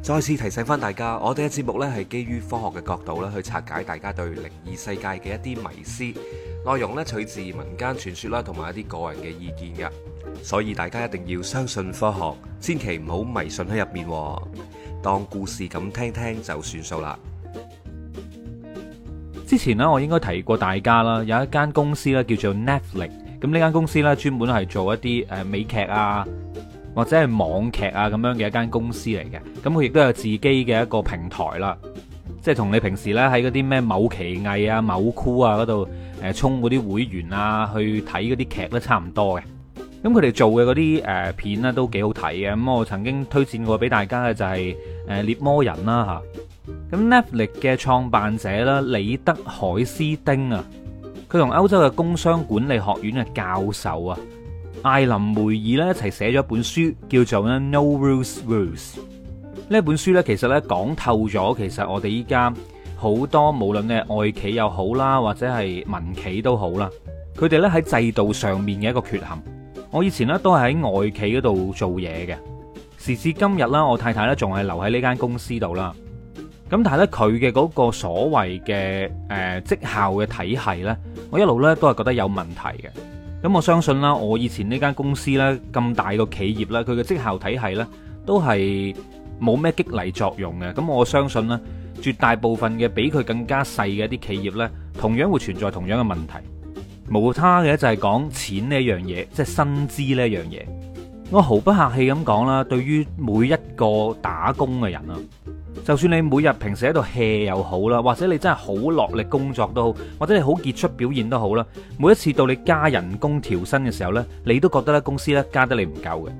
再次提醒翻大家，我哋嘅節目咧係基於科學嘅角度咧，去拆解大家對靈異世界嘅一啲迷思。內容咧取自民間傳說啦，同埋一啲個人嘅意見嘅，所以大家一定要相信科學，千祈唔好迷信喺入面，當故事咁聽聽就算數啦。之前咧，我應該提過大家啦，有一間公司咧叫做 Netflix，咁呢間公司咧專門係做一啲誒美劇啊。或者係網劇啊咁樣嘅一間公司嚟嘅，咁佢亦都有自己嘅一個平台啦，即係同你平時咧喺嗰啲咩某奇藝啊、某酷啊嗰度誒充嗰啲會員啊去睇嗰啲劇都差唔多嘅。咁佢哋做嘅嗰啲誒片咧都幾好睇嘅。咁我曾經推薦過俾大家嘅就係誒獵魔人啦、啊、吓。咁 Netflix 嘅創辦者啦，李德海斯丁啊，佢同歐洲嘅工商管理學院嘅教授啊。艾琳梅爾咧一齊寫咗一本書，叫做咧《No Rules Rules》呢本書咧，其實咧講透咗，其實我哋依家好多無論嘅外企又好啦，或者係民企都好啦，佢哋咧喺制度上面嘅一個缺陷。我以前咧都係喺外企嗰度做嘢嘅，時至今日啦，我太太咧仲係留喺呢間公司度啦。咁但係咧佢嘅嗰個所謂嘅誒績效嘅體系咧，我一路咧都係覺得有問題嘅。咁我相信啦，我以前呢間公司呢，咁大個企業呢，佢嘅績效體系呢，都係冇咩激勵作用嘅。咁我相信啦，絕大部分嘅比佢更加細嘅一啲企業呢，同樣會存在同樣嘅問題。無他嘅就係講錢呢樣嘢，即係薪資呢樣嘢。我毫不客氣咁講啦，對於每一個打工嘅人啊。就算你每日平時喺度 hea 又好啦，或者你真係好落力工作都好，或者你好傑出表現都好啦，每一次到你加人工調薪嘅時候呢，你都覺得呢公司呢加得你唔夠嘅，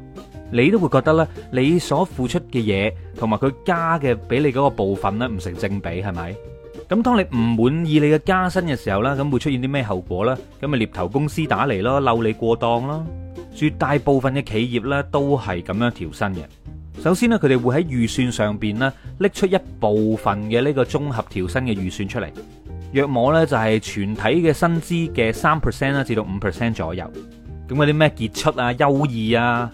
你都會覺得呢，你所付出嘅嘢同埋佢加嘅俾你嗰個部分呢，唔成正比，係咪？咁當你唔滿意你嘅加薪嘅時候呢，咁會出現啲咩後果呢？咁咪獵頭公司打嚟咯，嬲你過檔咯，絕大部分嘅企業呢，都係咁樣調薪嘅。首先咧，佢哋會喺預算上邊咧，拎出一部分嘅呢個綜合調薪嘅預算出嚟，約莫咧就係全體嘅薪資嘅三 percent 啦，至到五 percent 左右。咁嗰啲咩傑出啊、優異啊、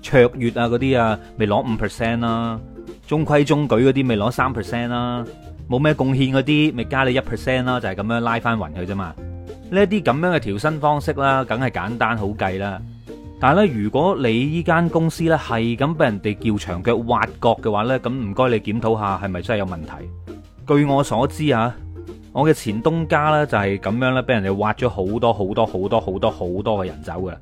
卓越啊嗰啲啊，咪攞五 percent 啦；中規中矩嗰啲咪攞三 percent 啦；冇咩貢獻嗰啲咪加你一 percent 啦，就係咁樣拉翻匀佢啫嘛。呢一啲咁樣嘅調薪方式啦，梗係簡單好計啦。但係咧，如果你依間公司咧係咁俾人哋叫長腳挖角嘅話呢，咁唔該你檢討下係咪真係有問題？據我所知啊，我嘅前東家呢就係咁樣呢俾人哋挖咗好多好多好多好多好多嘅人走㗎。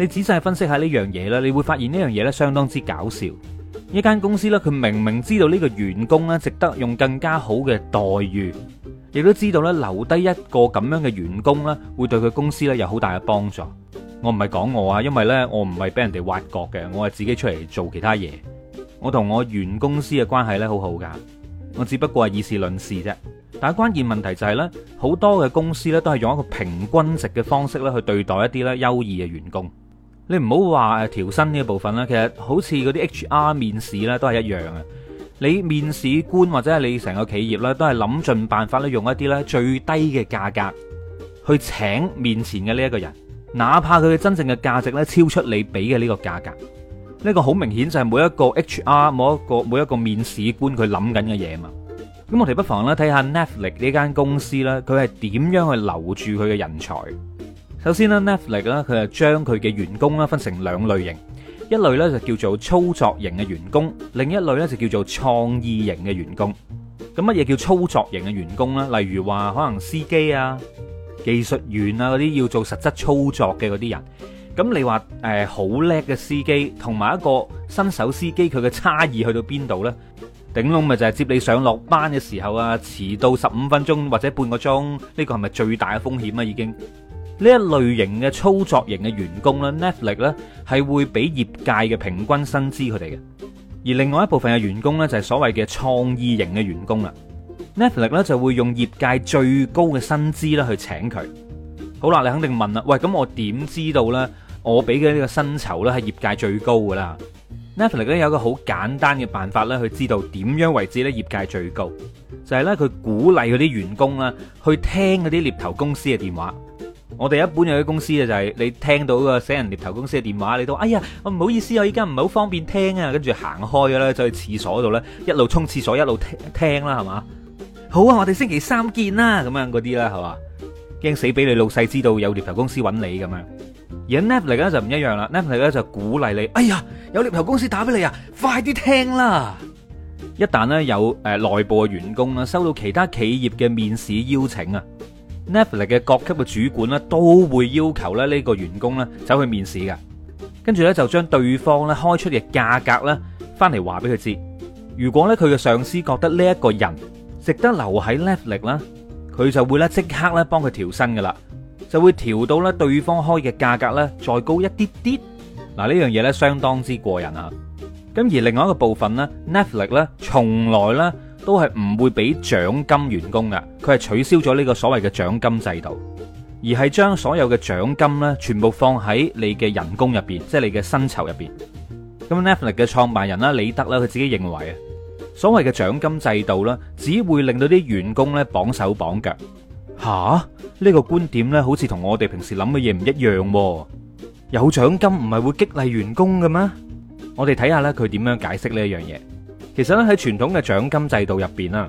你仔細分析下呢樣嘢呢，你會發現呢樣嘢呢相當之搞笑。一間公司呢，佢明明知道呢個員工咧值得用更加好嘅待遇，亦都知道呢留低一個咁樣嘅員工呢會對佢公司呢有好大嘅幫助。我唔係講我啊，因為呢，我唔係俾人哋挖角嘅，我係自己出嚟做其他嘢。我同我原公司嘅關係呢，好好噶我只不過係以事論事啫。但係關鍵問題就係呢，好多嘅公司呢，都係用一個平均值嘅方式咧，去對待一啲呢優異嘅員工。你唔好話誒調薪呢一部分啦，其實好似嗰啲 HR 面試呢都係一樣嘅。你面試官或者係你成個企業呢，都係諗盡辦法咧，用一啲呢最低嘅價格去請面前嘅呢一個人。哪怕佢嘅真正嘅價值咧超出你俾嘅呢個價格。呢、呢個好明顯就係每一個 HR 每一個、每一個每一個面試官佢諗緊嘅嘢嘛。咁我哋不妨咧睇下 Netflix 呢間公司呢，佢係點樣去留住佢嘅人才？首先呢 Netflix 呢，佢係將佢嘅員工分成兩類型，一類呢就叫做操作型嘅員工，另一類呢就叫做創意型嘅員工。咁乜嘢叫操作型嘅員工呢？例如話可能司機啊。技術員啊，嗰啲要做實質操作嘅嗰啲人，咁你話誒好叻嘅司機同埋一個新手司機，佢嘅差異去到邊度呢？頂籠，咪就係接你上落班嘅時候啊，遲到十五分鐘或者半個鐘，呢個係咪最大嘅風險啊？已經呢一類型嘅操作型嘅員工咧，Netflix 呢係會畀業界嘅平均薪資佢哋嘅，而另外一部分嘅員工呢，就係所謂嘅創意型嘅員工啦。Netflix 咧就會用業界最高嘅薪資咧去請佢。好啦，你肯定問啦，喂，咁我點知道呢？我俾嘅呢個薪酬呢係業界最高㗎啦。Netflix 咧有個好簡單嘅辦法呢，去知道點樣為之呢業界最高，就係呢，佢鼓勵嗰啲員工啦去聽嗰啲獵頭公司嘅電話。我哋一般有啲公司呢，就係，就係你聽到個死人獵頭公司嘅電話，你都哎呀，我唔好意思，我依家唔係好方便聽啊，跟住行開啦，就去廁所度呢，一路沖廁所一路聽聽啦，係嘛？好啊！我哋星期三見啦，咁樣嗰啲啦，係嘛，驚死俾你老細知道有獵頭公司揾你咁樣。而 Netflix 咧就唔一樣啦，Netflix 咧就鼓勵你。哎呀，有獵頭公司打俾你啊，快啲聽啦！一旦呢，有誒內部嘅員工啦，收到其他企業嘅面試邀請啊，Netflix 嘅各級嘅主管呢，都會要求咧呢個員工咧走去面試㗎。跟住咧就將對方咧開出嘅價格咧翻嚟話俾佢知。如果咧佢嘅上司覺得呢一個人。值得留喺 Netflix 啦，佢就會咧即刻咧幫佢調薪噶啦，就會調到咧對方開嘅價格咧再高一啲啲。嗱，呢樣嘢咧相當之過人啊！咁而另外一個部分咧，Netflix 咧從來咧都係唔會俾獎金員工噶，佢係取消咗呢個所謂嘅獎金制度，而係將所有嘅獎金咧全部放喺你嘅人工入邊，即係你嘅薪酬入邊。咁、就是、Netflix 嘅創辦人啦，李德啦，佢自己認為啊。所謂嘅獎金制度啦，只會令到啲員工咧綁手綁腳。吓，呢個觀點咧，好似同我哋平時諗嘅嘢唔一樣。有獎金唔係會激勵員工嘅咩？我哋睇下咧，佢點樣解釋呢一樣嘢。其實咧喺傳統嘅獎金制度入邊啊，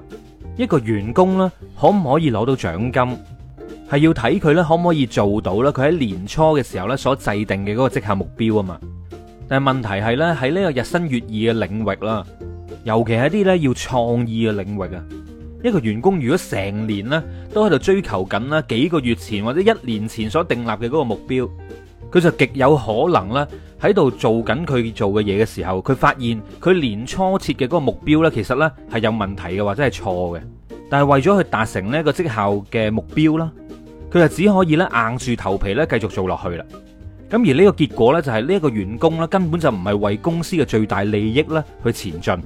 一個員工咧可唔可以攞到獎金，係要睇佢咧可唔可以做到咧？佢喺年初嘅時候咧所制定嘅嗰個績效目標啊嘛。但係問題係咧喺呢個日新月異嘅領域啦。尤其係一啲咧要創意嘅領域啊，一個員工如果成年咧都喺度追求緊啦，幾個月前或者一年前所訂立嘅嗰個目標，佢就極有可能咧喺度做緊佢做嘅嘢嘅時候，佢發現佢年初設嘅嗰個目標咧，其實咧係有問題嘅或者係錯嘅，但係為咗去達成呢一個績效嘅目標啦，佢就只可以咧硬住頭皮咧繼續做落去啦。咁而呢個結果咧就係呢一個員工咧根本就唔係為公司嘅最大利益咧去前進。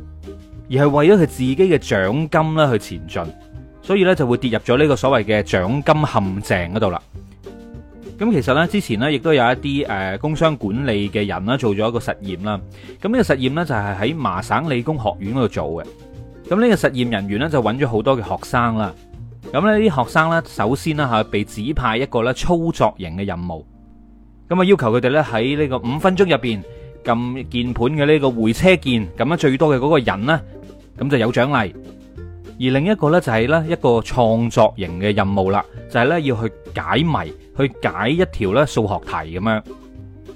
而係為咗佢自己嘅獎金啦，去前進，所以咧就會跌入咗呢個所謂嘅獎金陷阱嗰度啦。咁其實呢，之前呢亦都有一啲誒工商管理嘅人啦，做咗一個實驗啦。咁、這、呢個實驗呢，就係喺麻省理工學院嗰度做嘅。咁、這、呢個實驗人員呢，就揾咗好多嘅學生啦。咁呢啲學生呢，首先呢係被指派一個咧操作型嘅任務，咁啊要求佢哋咧喺呢個五分鐘入邊撳鍵盤嘅呢個回車鍵，咁最多嘅嗰個人呢，咁就有獎勵，而另一個呢，就係咧一個創作型嘅任務啦，就係咧要去解謎，去解一條咧數學題咁樣。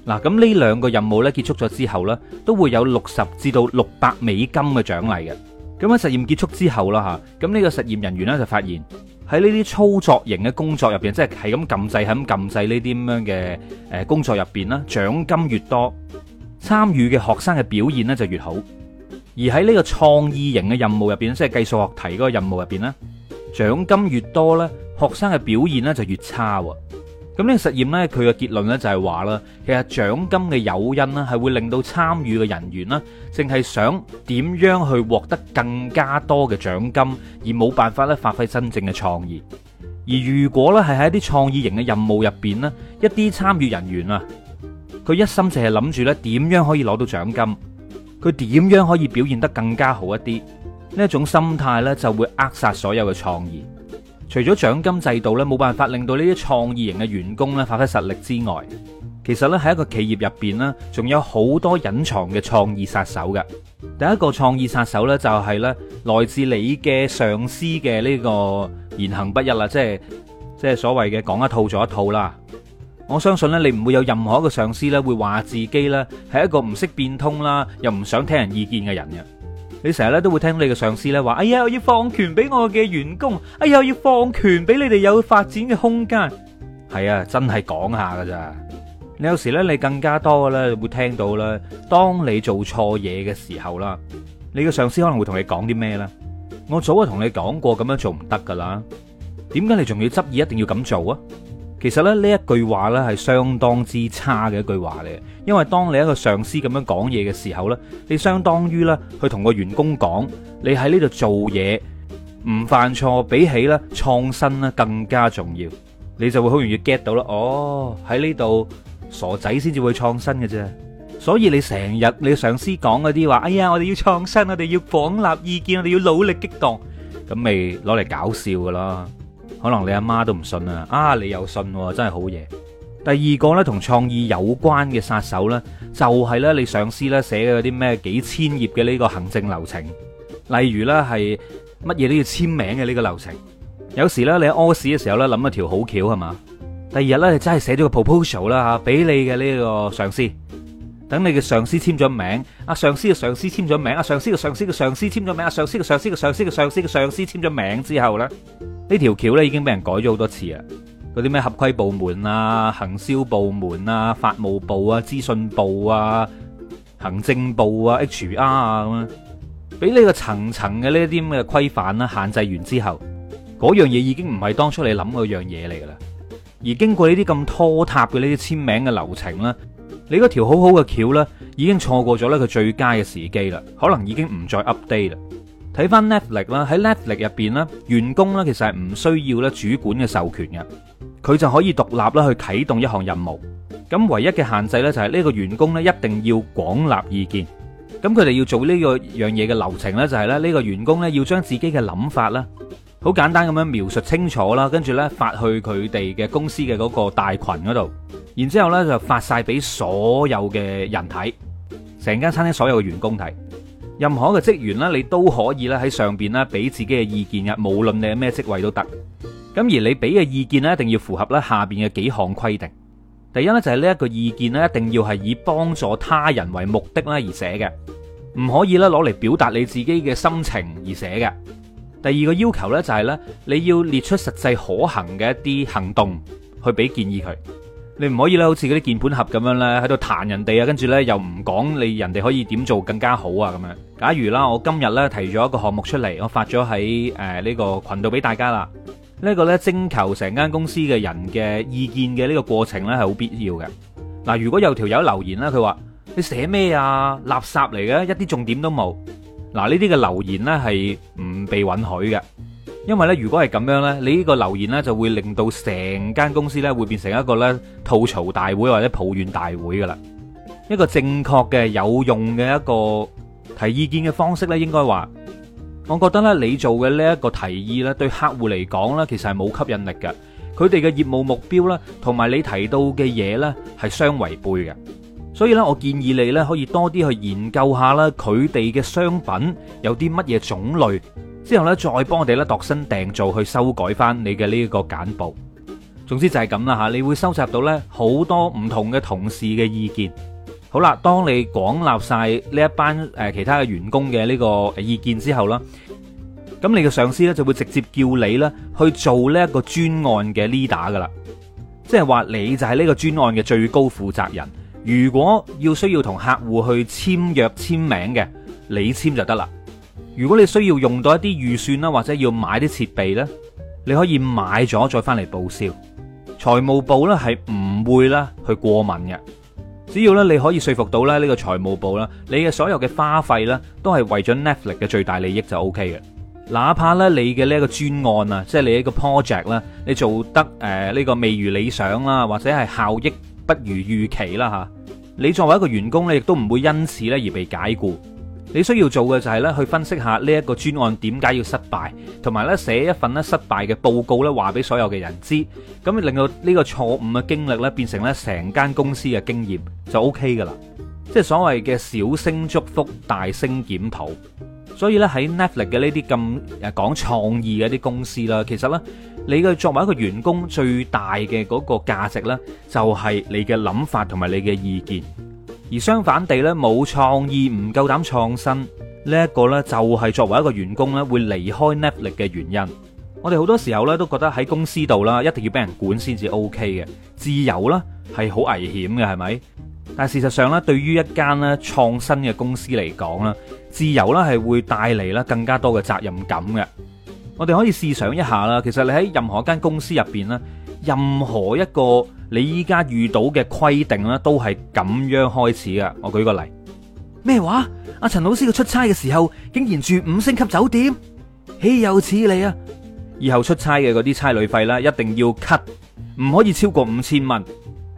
嗱，咁呢兩個任務咧結束咗之後咧都會有六十至到六百美金嘅獎勵嘅。咁喺實驗結束之後啦，吓，咁呢個實驗人員就發現喺呢啲操作型嘅工作入邊，即係係咁撳掣、係咁撳掣呢啲咁樣嘅誒工作入邊啦，獎金越多，參與嘅學生嘅表現咧就越好。而喺呢個創意型嘅任務入邊，即係計數學題嗰個任務入邊咧，獎金越多咧，學生嘅表現咧就越差喎。咁呢個實驗呢，佢嘅結論呢就係話啦，其實獎金嘅誘因呢係會令到參與嘅人員呢，淨係想點樣去獲得更加多嘅獎金，而冇辦法咧發揮真正嘅創意。而如果呢係喺啲創意型嘅任務入邊呢，一啲參與人員啊，佢一心淨係諗住呢點樣可以攞到獎金。佢點樣可以表現得更加好一啲？呢一種心態呢，就會扼殺所有嘅創意。除咗獎金制度呢，冇辦法令到呢啲創意型嘅員工呢發揮實力之外，其實呢，喺一個企業入邊呢，仲有好多隱藏嘅創意殺手嘅。第一個創意殺手呢，就係呢來自你嘅上司嘅呢個言行不一啦，即係即係所謂嘅講一套做一套啦。我相信咧，你唔會有任何一個上司咧會話自己咧係一個唔識變通啦，又唔想聽人意見嘅人嘅。你成日咧都會聽你嘅上司咧話，哎呀，我要放權俾我嘅員工，哎呀，我要放權俾你哋有發展嘅空間。係啊，真係講下噶咋。你有時咧，你更加多咧，你會聽到咧，當你做錯嘢嘅時候啦，你嘅上司可能會同你講啲咩咧？我早就同你講過，咁樣做唔得噶啦。點解你仲要執意一定要咁做啊？其實咧呢一句話呢係相當之差嘅一句話嚟，因為當你一個上司咁樣講嘢嘅時候呢，你相當於呢去同個員工講，你喺呢度做嘢唔犯錯，比起呢創新呢更加重要，你就會好容易 get 到啦。哦，喺呢度傻仔先至會創新嘅啫，所以你成日你上司講嗰啲話，哎呀，我哋要創新，我哋要廣納意見，我哋要努力激盪，咁咪攞嚟搞笑噶啦。可能你阿媽都唔信啊！啊，你又信，真係好嘢。第二個呢，同創意有關嘅殺手呢，就係呢你上司呢寫嘅啲咩幾千頁嘅呢個行政流程，例如呢係乜嘢都要簽名嘅呢個流程。嗯、有時呢，你喺屙屎嘅時候呢，諗一條好橋係嘛，第二日呢，你真係寫咗個 proposal 啦吓，俾你嘅呢個上司。等你嘅上司簽咗名，阿上司嘅上司簽咗名，阿上司嘅上司嘅上司簽咗名，阿上司嘅上司嘅上司嘅上司嘅上司簽咗名之後咧，呢條橋咧已經俾人改咗好多次啊！嗰啲咩合規部門啊、行銷部門啊、法務部啊、資訊部啊、行政部啊、HR 啊咁樣，俾呢個層層嘅呢啲咁嘅規範啦限制完之後，嗰樣嘢已經唔係當初你諗嗰樣嘢嚟噶啦，而經過呢啲咁拖沓嘅呢啲簽名嘅流程咧。你嗰條好好嘅橋呢，已經錯過咗呢佢最佳嘅時機啦，可能已經唔再 update 啦。睇翻 Netflix 啦，喺 Netflix 入邊呢，員工呢其實係唔需要呢主管嘅授權嘅，佢就可以獨立咧去啟動一項任務。咁唯一嘅限制呢，就係呢個員工呢一定要廣納意見。咁佢哋要做呢個樣嘢嘅流程呢，就係咧呢個員工呢要將自己嘅諗法啦，好簡單咁樣描述清楚啦，跟住呢發去佢哋嘅公司嘅嗰個大群嗰度。然之後咧，就發晒俾所有嘅人睇，成間餐廳所有嘅員工睇，任何嘅職員咧，你都可以咧喺上邊咧俾自己嘅意見嘅，無論你係咩職位都得。咁而你俾嘅意見咧，一定要符合咧下邊嘅幾項規定。第一咧就係呢一個意見咧，一定要係以幫助他人為目的咧而寫嘅，唔可以咧攞嚟表達你自己嘅心情而寫嘅。第二個要求咧就係咧，你要列出實際可行嘅一啲行動去俾建議佢。你唔可以咧，好似嗰啲鍵盤俠咁樣咧，喺度彈人哋啊，跟住咧又唔講你人哋可以點做更加好啊咁樣。假如啦，我今日咧提咗一個項目出嚟，我發咗喺誒呢個群度俾大家啦。呢個咧徵求成間公司嘅人嘅意見嘅呢個過程咧係好必要嘅。嗱，如果有條友留言呢，佢話你寫咩啊，垃圾嚟嘅，一啲重點都冇。嗱，呢啲嘅留言呢係唔被允許嘅。因為咧，如果係咁樣呢，你呢個留言呢就會令到成間公司呢會變成一個呢吐槽大會或者抱怨大會噶啦。一個正確嘅有用嘅一個提意見嘅方式呢，應該話，我覺得呢你做嘅呢一個提議呢對客戶嚟講呢，其實係冇吸引力嘅。佢哋嘅業務目標呢，同埋你提到嘅嘢呢係相違背嘅。所以呢，我建議你呢可以多啲去研究下啦，佢哋嘅商品有啲乜嘢種類。之後呢再幫我哋度身訂做去修改翻你嘅呢個簡報。總之就係咁啦吓，你會收集到呢好多唔同嘅同事嘅意見。好啦，當你廣納晒呢一班誒其他嘅員工嘅呢個意見之後啦，咁你嘅上司呢就會直接叫你呢去做呢一個專案嘅 leader 噶啦，即係話你就係呢個專案嘅最高負責人。如果要需要同客戶去簽約簽名嘅，你簽就得啦。如果你需要用到一啲預算啦，或者要買啲設備呢，你可以買咗再翻嚟報銷。財務部呢係唔會啦去過問嘅，只要呢你可以說服到咧呢個財務部啦，你嘅所有嘅花費呢都係為咗 Netflix 嘅最大利益就 OK 嘅。哪怕呢你嘅呢個專案啊，即係你一個 project 啦，你做得誒呢個未如理想啦，或者係效益不如預期啦嚇，你作為一個員工呢亦都唔會因此呢而被解雇。你需要做嘅就係咧去分析下呢一個專案，點解要失敗，同埋咧寫一份咧失敗嘅報告咧話俾所有嘅人知，咁令到呢個錯誤嘅經歷咧變成咧成間公司嘅經驗就 O K 噶啦，即係所謂嘅小聲祝福，大聲檢討。所以咧喺 Netflix 嘅呢啲咁誒講創意嘅啲公司啦，其實咧你嘅作為一個員工最大嘅嗰個價值咧就係你嘅諗法同埋你嘅意見。而相反地咧，冇創意、唔夠膽創新，呢一個咧就係作為一個員工咧會離開 Netflix 嘅原因。我哋好多時候呢，都覺得喺公司度啦，一定要俾人管先至 OK 嘅，自由啦係好危險嘅，係咪？但事實上呢，對於一間咧創新嘅公司嚟講啦，自由啦係會帶嚟啦更加多嘅責任感嘅。我哋可以試想一下啦，其實你喺任何一間公司入邊咧。任何一個你依家遇到嘅規定咧，都係咁樣開始噶。我舉個例，咩話？阿、啊、陳老師佢出差嘅時候，竟然住五星級酒店，豈有此理啊！以後出差嘅嗰啲差旅費啦，一定要 cut，唔可以超過五千蚊。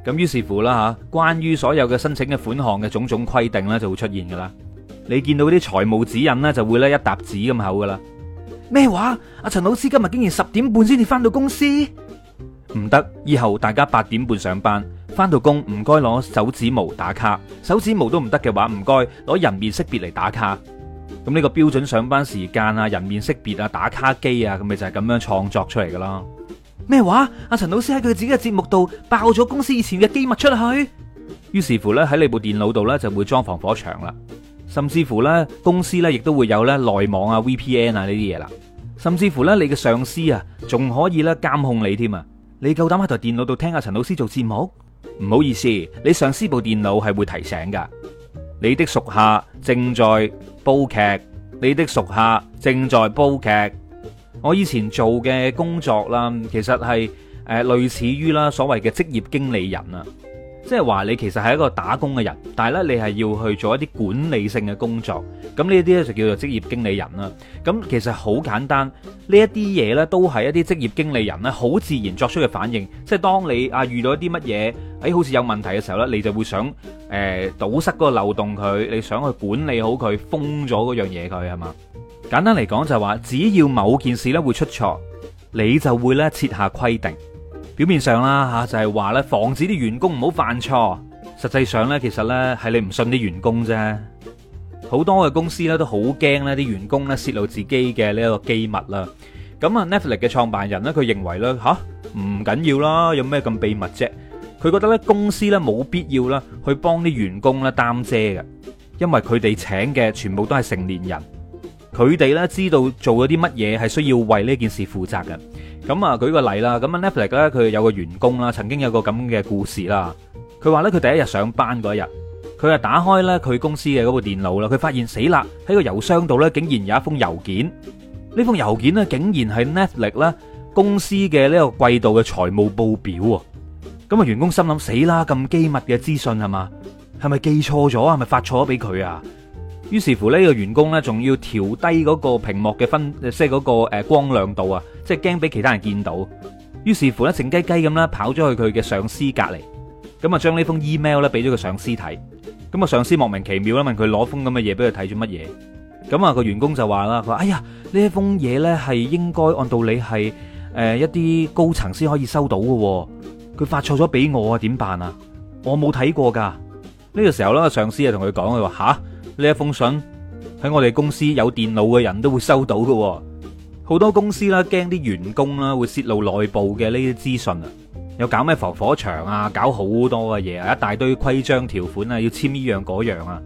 咁於是乎啦吓，關於所有嘅申請嘅款項嘅種種規定咧，就會出現噶啦。你見到啲財務指引咧，就會咧一沓紙咁厚噶啦。咩話？阿、啊、陳老師今日竟然十點半先至翻到公司。唔得，以後大家八點半上班，翻到工唔該攞手指模打卡，手指模都唔得嘅話，唔該攞人面識別嚟打卡。咁呢個標準上班時間啊，人面識別啊，打卡機啊，咁咪就係咁樣創作出嚟噶咯。咩話？阿陳老師喺佢自己嘅節目度爆咗公司以前嘅機密出去，於是乎呢，喺你部電腦度呢，就會裝防火牆啦，甚至乎呢，公司呢亦都會有呢內網啊 VPN 啊呢啲嘢啦，甚至乎呢，你嘅上司啊仲可以呢監控你添啊！你夠膽喺台電腦度聽阿陳老師做節目？唔好意思，你上司部電腦係會提醒噶。你的屬下正在煲劇，你的屬下正在煲劇。我以前做嘅工作啦，其實係誒類似於啦所謂嘅職業經理人啊。即係話你其實係一個打工嘅人，但係呢，你係要去做一啲管理性嘅工作，咁呢啲呢，就叫做職業經理人啦。咁其實好簡單，呢一啲嘢呢，都係一啲職業經理人呢好自然作出嘅反應。即係當你啊遇到一啲乜嘢，誒、哎、好似有問題嘅時候呢，你就會想誒、呃、堵塞嗰個漏洞佢，你想去管理好佢，封咗嗰樣嘢佢係嘛？簡單嚟講就係話，只要某件事呢會出錯，你就會呢設下規定。表面上啦吓，就係話呢，防止啲員工唔好犯錯。實際上呢，其實呢係你唔信啲員工啫。好多嘅公司呢，都好驚呢啲員工呢洩露自己嘅呢一個機密啦。咁啊，Netflix 嘅創辦人呢，佢認為呢吓唔緊要啦，有咩咁秘密啫？佢覺得呢，公司呢冇必要啦去幫啲員工咧擔遮嘅，因為佢哋請嘅全部都係成年人。佢哋咧知道做咗啲乜嘢係需要為呢件事負責嘅，咁啊舉個例啦，咁 Netflix 咧佢有個員工啦，曾經有個咁嘅故事啦，佢話咧佢第一日上班嗰一日，佢啊打開咧佢公司嘅嗰部電腦啦，佢發現死啦，喺個郵箱度咧竟然有一封郵件，呢封郵件咧竟然係 Netflix 咧公司嘅呢個季度嘅財務報表啊，咁啊員工心諗死啦，咁機密嘅資訊係嘛，係咪記錯咗啊？係咪發錯咗俾佢啊？於是乎呢個員工呢，仲要調低嗰個屏幕嘅分，即係嗰個誒光亮度啊，即係驚俾其他人見到。於是乎呢，靜雞雞咁啦，跑咗去佢嘅上司隔籬，咁啊，將呢封 email 咧俾咗個上司睇。咁啊，上司莫名其妙啦，問佢攞封咁嘅嘢，俾佢睇，做乜嘢？咁啊，個員工就話啦，佢話：哎呀，呢一封嘢呢係應該按道理係誒一啲高層先可以收到嘅，佢發錯咗俾我啊，點辦啊？我冇睇過噶。呢、呢個時候呢，上司就啊同佢講，佢話：吓！呢一封信喺我哋公司有電腦嘅人都會收到嘅。哦，好多公司啦驚啲員工啦會洩露內部嘅呢啲資訊啊，又搞咩防火牆啊，搞好多嘅嘢啊，一大堆規章條款啊，要簽呢樣嗰樣啊。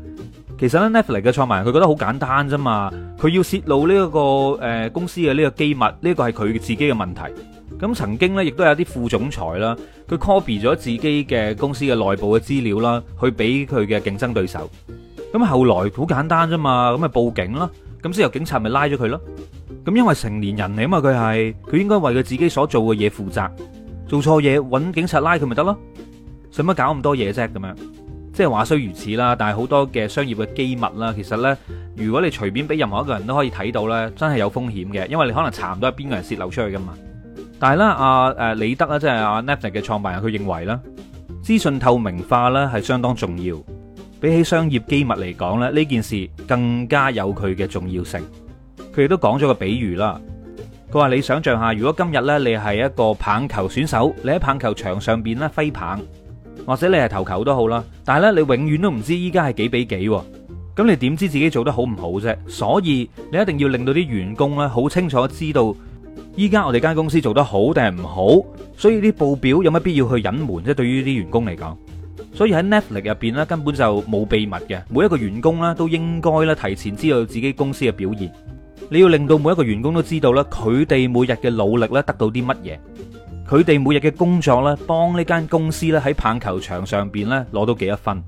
其實呢 Netflix 嘅創辦人佢覺得好簡單啫嘛，佢要洩露呢、呢個誒、呃、公司嘅呢個機密，呢、呢個係佢自己嘅問題。咁曾經呢，亦都有啲副總裁啦，佢 copy 咗自己嘅公司嘅內部嘅資料啦，去俾佢嘅競爭對手。咁後來好簡單啫嘛，咁咪報警咯，咁先由警察咪拉咗佢咯。咁因為成年人嚟啊嘛，佢係佢應該為佢自己所做嘅嘢負責，做錯嘢搵警察拉佢咪得咯，使乜搞咁多嘢啫咁樣？即係話雖如此啦，但係好多嘅商業嘅機密啦，其實呢，如果你隨便俾任何一個人都可以睇到呢，真係有風險嘅，因為你可能查唔到係邊個人泄漏出去噶嘛但係呢，阿、啊、誒李德咧，即係阿 Netflix 嘅創辦人，佢認為啦資訊透明化呢係相當重要。比起商業機密嚟講咧，呢件事更加有佢嘅重要性。佢亦都講咗個比喻啦。佢話：你想象下，如果今日呢你係一個棒球選手，你喺棒球場上邊呢揮棒，或者你係投球都好啦。但係呢，你永遠都唔知依家係幾比幾，咁你點知自己做得好唔好啫？所以你一定要令到啲員工呢好清楚知道，依家我哋間公司做得好定係唔好，所以啲報表有乜必要去隱瞞？即係對於啲員工嚟講。所以喺 Netflix 入邊咧，根本就冇秘密嘅。每一個員工咧，都應該咧提前知道自己公司嘅表現。你要令到每一個員工都知道咧，佢哋每日嘅努力咧得到啲乜嘢，佢哋每日嘅工作咧，幫呢間公司咧喺棒球場上邊咧攞到幾多分。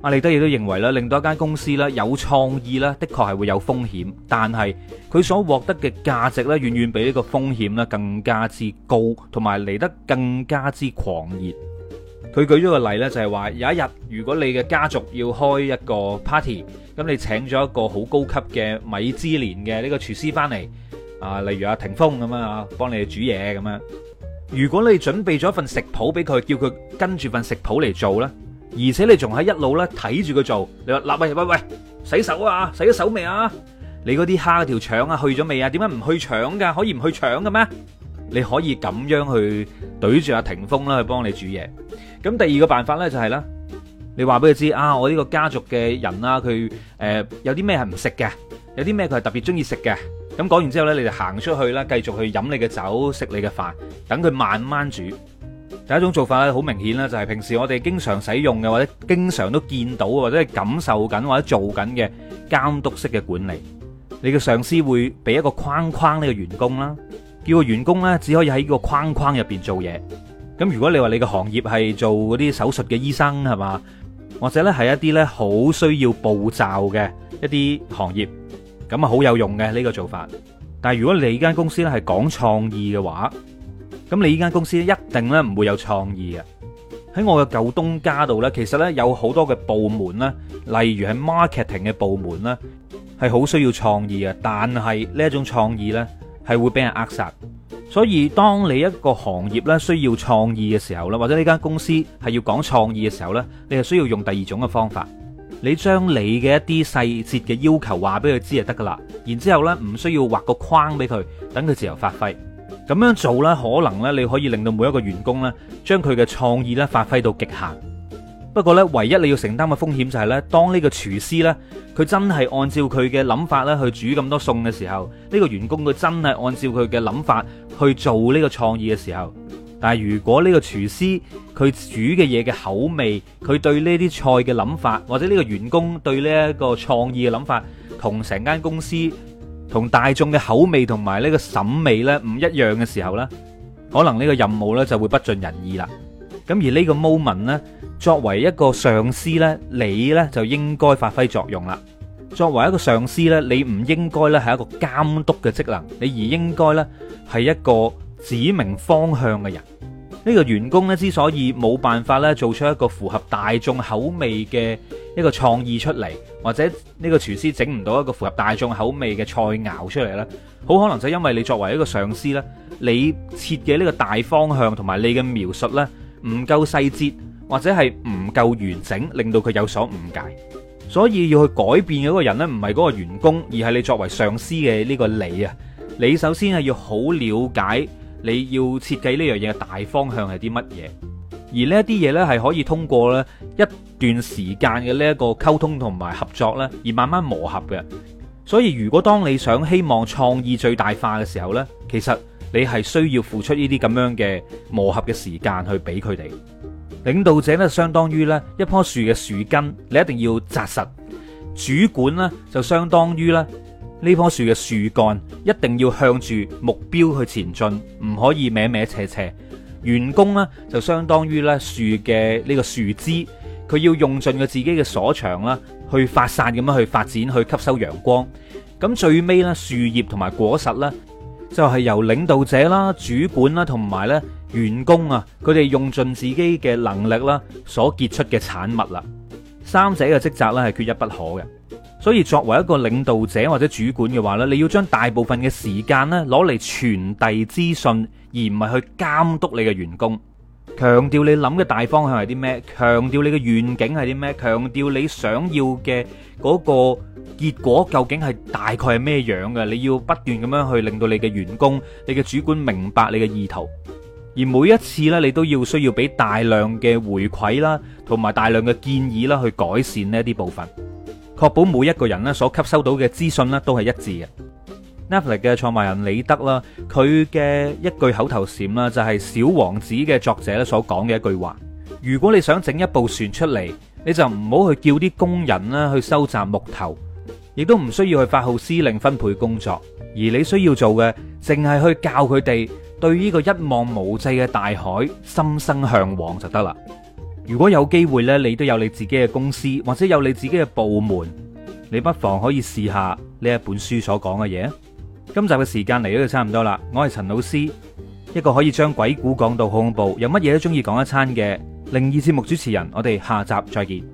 阿李德亦都認為咧，令到一間公司咧有創意咧，的確係會有風險，但係佢所獲得嘅價值咧，遠遠比呢個風險咧更加之高，同埋嚟得更加之狂熱。佢舉咗個例咧，就係話有一日，如果你嘅家族要開一個 party，咁你請咗一個好高級嘅米芝蓮嘅呢個廚師翻嚟，啊，例如阿霆鋒咁樣啊，幫你煮嘢咁樣。如果你準備咗一份食譜俾佢，叫佢跟住份食譜嚟做啦，而且你仲喺一路咧睇住佢做，你話嗱喂喂喂，洗手啊，洗咗手未啊？你嗰啲蝦嗰條腸啊，去咗未啊？點解唔去腸㗎？可以唔去腸嘅咩？你可以咁樣去對住阿霆鋒啦，去幫你煮嘢。咁第二個辦法呢，就係啦，你話俾佢知啊，我呢個家族嘅人啦，佢誒有啲咩係唔食嘅，有啲咩佢係特別中意食嘅。咁講完之後呢，你就行出去啦，繼續去飲你嘅酒，食你嘅飯，等佢慢慢煮。第一種做法咧，好明顯啦，就係平時我哋經常使用嘅，或者經常都見到，或者感受緊，或者做緊嘅監督式嘅管理。你嘅上司會俾一個框框呢個員工啦，叫個員工呢，只可以喺個框框入邊做嘢。咁如果你話你個行業係做嗰啲手術嘅醫生係嘛，或者呢係一啲呢好需要步驟嘅一啲行業，咁啊好有用嘅呢個做法。但係如果你間公司呢係講創意嘅話，咁你呢間公司一定呢唔會有創意嘅。喺我嘅舊東家度呢，其實呢有好多嘅部門咧，例如喺 marketing 嘅部門呢係好需要創意嘅，但係呢一種創意呢，係會俾人扼殺。所以，當你一個行業咧需要創意嘅時候咧，或者呢間公司係要講創意嘅時候咧，你係需要用第二種嘅方法，你將你嘅一啲細節嘅要求話俾佢知就得噶啦。然之後咧，唔需要畫個框俾佢，等佢自由發揮。咁樣做咧，可能咧你可以令到每一個員工咧，將佢嘅創意咧發揮到極限。不過咧，唯一你要承擔嘅風險就係咧，當呢個廚師呢，佢真係按照佢嘅諗法咧去煮咁多餸嘅時候，呢個員工佢真係按照佢嘅諗法去做呢個創意嘅時候，但係如果呢個廚師佢煮嘅嘢嘅口味，佢對呢啲菜嘅諗法，或者呢個員工對呢一個創意嘅諗法，同成間公司同大眾嘅口味同埋呢個審美呢唔一樣嘅時候呢，可能呢個任務呢就會不盡人意啦。咁而呢個 moment 呢。作為一個上司呢，你呢就應該發揮作用啦。作為一個上司呢，你唔應該呢係一個監督嘅職能，你而應該呢係一個指明方向嘅人。呢個員工呢之所以冇辦法呢做出一個符合大眾口味嘅一個創意出嚟，或者呢個廚師整唔到一個符合大眾口味嘅菜肴出嚟呢，好可能就因為你作為一個上司呢，你設嘅呢個大方向同埋你嘅描述呢唔夠細節。或者係唔夠完整，令到佢有所誤解，所以要去改變嗰個人呢，唔係嗰個員工，而係你作為上司嘅呢個你啊。你首先係要好了解你要設計呢樣嘢嘅大方向係啲乜嘢，而呢啲嘢呢，係可以通過一段時間嘅呢一個溝通同埋合作呢，而慢慢磨合嘅。所以如果當你想希望創意最大化嘅時候呢，其實你係需要付出呢啲咁樣嘅磨合嘅時間去俾佢哋。領導者咧相當於咧一棵樹嘅樹根，你一定要扎實；主管呢，就相當於咧呢棵樹嘅樹幹，一定要向住目標去前進，唔可以歪歪斜斜。員工呢，就相當於呢樹嘅呢個樹枝，佢要用盡佢自己嘅所長啦，去發散咁樣去發展，去吸收陽光。咁最尾呢，樹葉同埋果實呢，就係由領導者啦、主管啦同埋呢，員工啊，佢哋用盡自己嘅能力啦，所結出嘅產物啦，三者嘅職責呢係缺一不可嘅。所以作為一個領導者或者主管嘅話呢，你要將大部分嘅時間呢攞嚟傳遞資訊，而唔係去監督你嘅員工。強調你諗嘅大方向係啲咩？強調你嘅願景係啲咩？強調你想要嘅嗰個結果究竟係大概係咩樣嘅？你要不斷咁樣去令到你嘅員工、你嘅主管明白你嘅意圖。而每一次咧，你都要需要俾大量嘅回饋啦，同埋大量嘅建議啦，去改善呢啲部分，確保每一個人呢所吸收到嘅資訊呢都係一致嘅。Netflix 嘅創辦人李德啦，佢嘅一句口頭禪啦，就係《小王子》嘅作者咧所講嘅一句話：如果你想整一部船出嚟，你就唔好去叫啲工人啦去收集木頭，亦都唔需要去發號施令分配工作，而你需要做嘅，淨係去教佢哋。對呢個一望無際嘅大海心生向往就得啦。如果有機會呢，你都有你自己嘅公司或者有你自己嘅部門，你不妨可以試下呢一本書所講嘅嘢。今集嘅時間嚟到就差唔多啦，我係陳老師，一個可以將鬼故講到恐怖，有乜嘢都中意講一餐嘅靈異節目主持人，我哋下集再見。